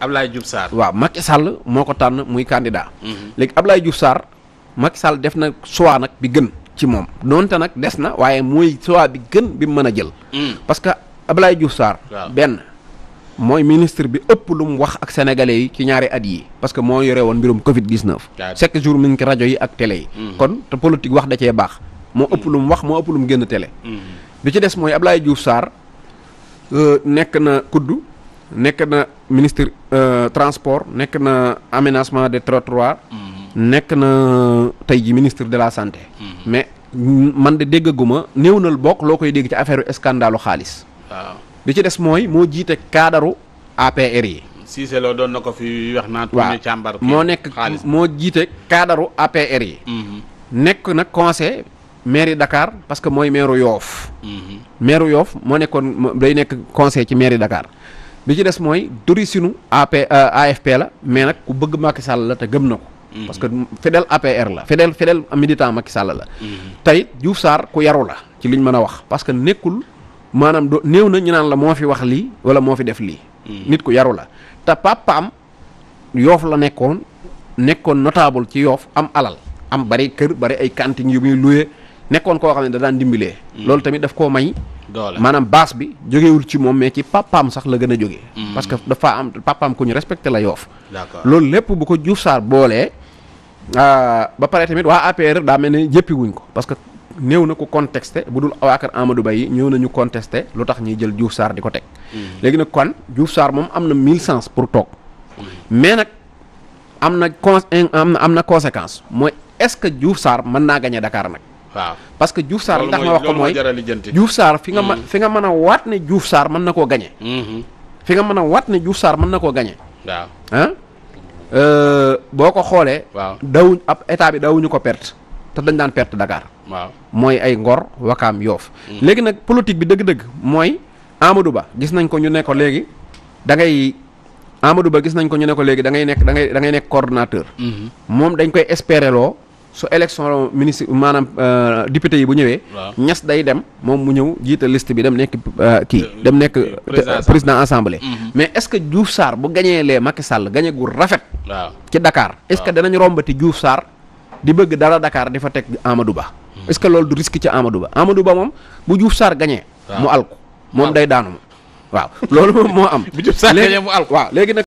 Ablaye Diouf Sarr waaw Macky Sall moo ko tànn muy candidat. Mhm. léegi Ablaye Diouf Sarr Macky Sall def na soit nag bi gën ci moom donte nag des na waaye mooy choix bi gën bi mu mën a jël. Mhm. parce que Ablaye Diouf saar benn mooy ministre bi ëpp lu mu wax ak senegale yi ci ñaari at yi parce que moo yore woon mbirum Covid 19. chaque jour mi ngi ci rajo yi ak télé yi. Mhm. kon te politique wax da cee baax. moo ëpp lu mu wax moo ëpp lu mu génn tele bi ci des mooy Ablaye Diouf Sarr euh, nekk na kuddu. nekk na ministre euh, transport nekk na aménagement des trottoirs mhm. nekk na euh, tey ji ministre de la santé mhm. mais mm, man de déggaguma néew nal bokk loo koy dégg ci affaire scandalu xaalis li ci des mooy moo jiite kaadaru APR yi Cissé Lo doon na ko fi wax naa waaw moo nekk moo jiite kaadaru APR yi mhm. nekk nag conseil mairie Dakar parce que mooy maire Yoff maire Yoff moo nekkoon day nekk conseil ci mairie Dakar bi ci des mooy dorisinu AP euh, la mais nag ku bëgg Macky Sall la te gëm na ko. Mm-hmm. parce que fidèle APR la. fidèle fidèle militant Macky Sall la. Mm-hmm. tey Diouf Sarr ku yaru la ci liñ mën a wax parce que nekkul maanaam do néew na ñu naan la moo fi wax lii wala moo fi def lii. Mm-hmm. nit ku yaru la te papaam yoof la nekkoon nekkoon notable ci yoof am alal am bari kër bari ay cantine yu muy loué nekkoon koo xam ne da daan loolu tamit daf koo may. maanaam baas bi jógewul ci moom mais ci papaam sax la gën a jóge mm. parce que dafa am papaam ku ñu respecté la yoof loolu lépp bu ko Diouf saar boolee euh, ba pare tamit waa APR daa mel ne jëppi wuñ ko parce que néew na ko contesté bu dul waa kër Amadou Ba yi ñëw nañu contesté lu tax ñuy jël Diouf saar di ko teg mm. léegi nag kon Diouf saar moom am na mille sens pour toog mm. mais nag am na con am na conséquence mooy est-ce que Diouf Sarr mën naa gagné dakaar nag waaw parce que Diouf Sarr li ma wax ko mooy Diouf Sarr fi nga man fi nga man mm. a waat ne Diouf saar mën na ko gañe fi nga mën a waat ne Diouf Sarr mën na koo gañe mm-hmm. waaw euh, boo ko xoolee waaw dawuñ ab état bi dawuñu ko perte te dañ daan perte Dakar waaw mooy ay Ngor Wakaam Yoof mm. léegi nag politique bi dëgg-dëgg mooy Amadou Ba gis nañ ko ñu ne léegi da ngay Amadou Ba gis nañ ko ñu ne ko léegi da ngay nekk da da ngay nekk coordonnateur mm-hmm. moom dañ koy espereloo su élection ministre maanaam euh, député yi bu ñëwee. ñas day dem moom mu ñëw jiital liste bi dem nekk euh, kii. Euh, dem nekk président assemblée. Mhm. mais est ce que Diouf saar bu gañee lee Macky sàll gañe gu rafet. ci dakaar est ce que danañ rombati Diouf saar di bëgg dara dakaar di fa teg amadu Ba. Mhm. est ce que loolu du risque ci amadu Ba amadu Ba moom bu Diouf saar gañee mu alku moom day daanu waaw loolu moom moo am. bu Diouf Sarr gañee mu alku waaw léegi nag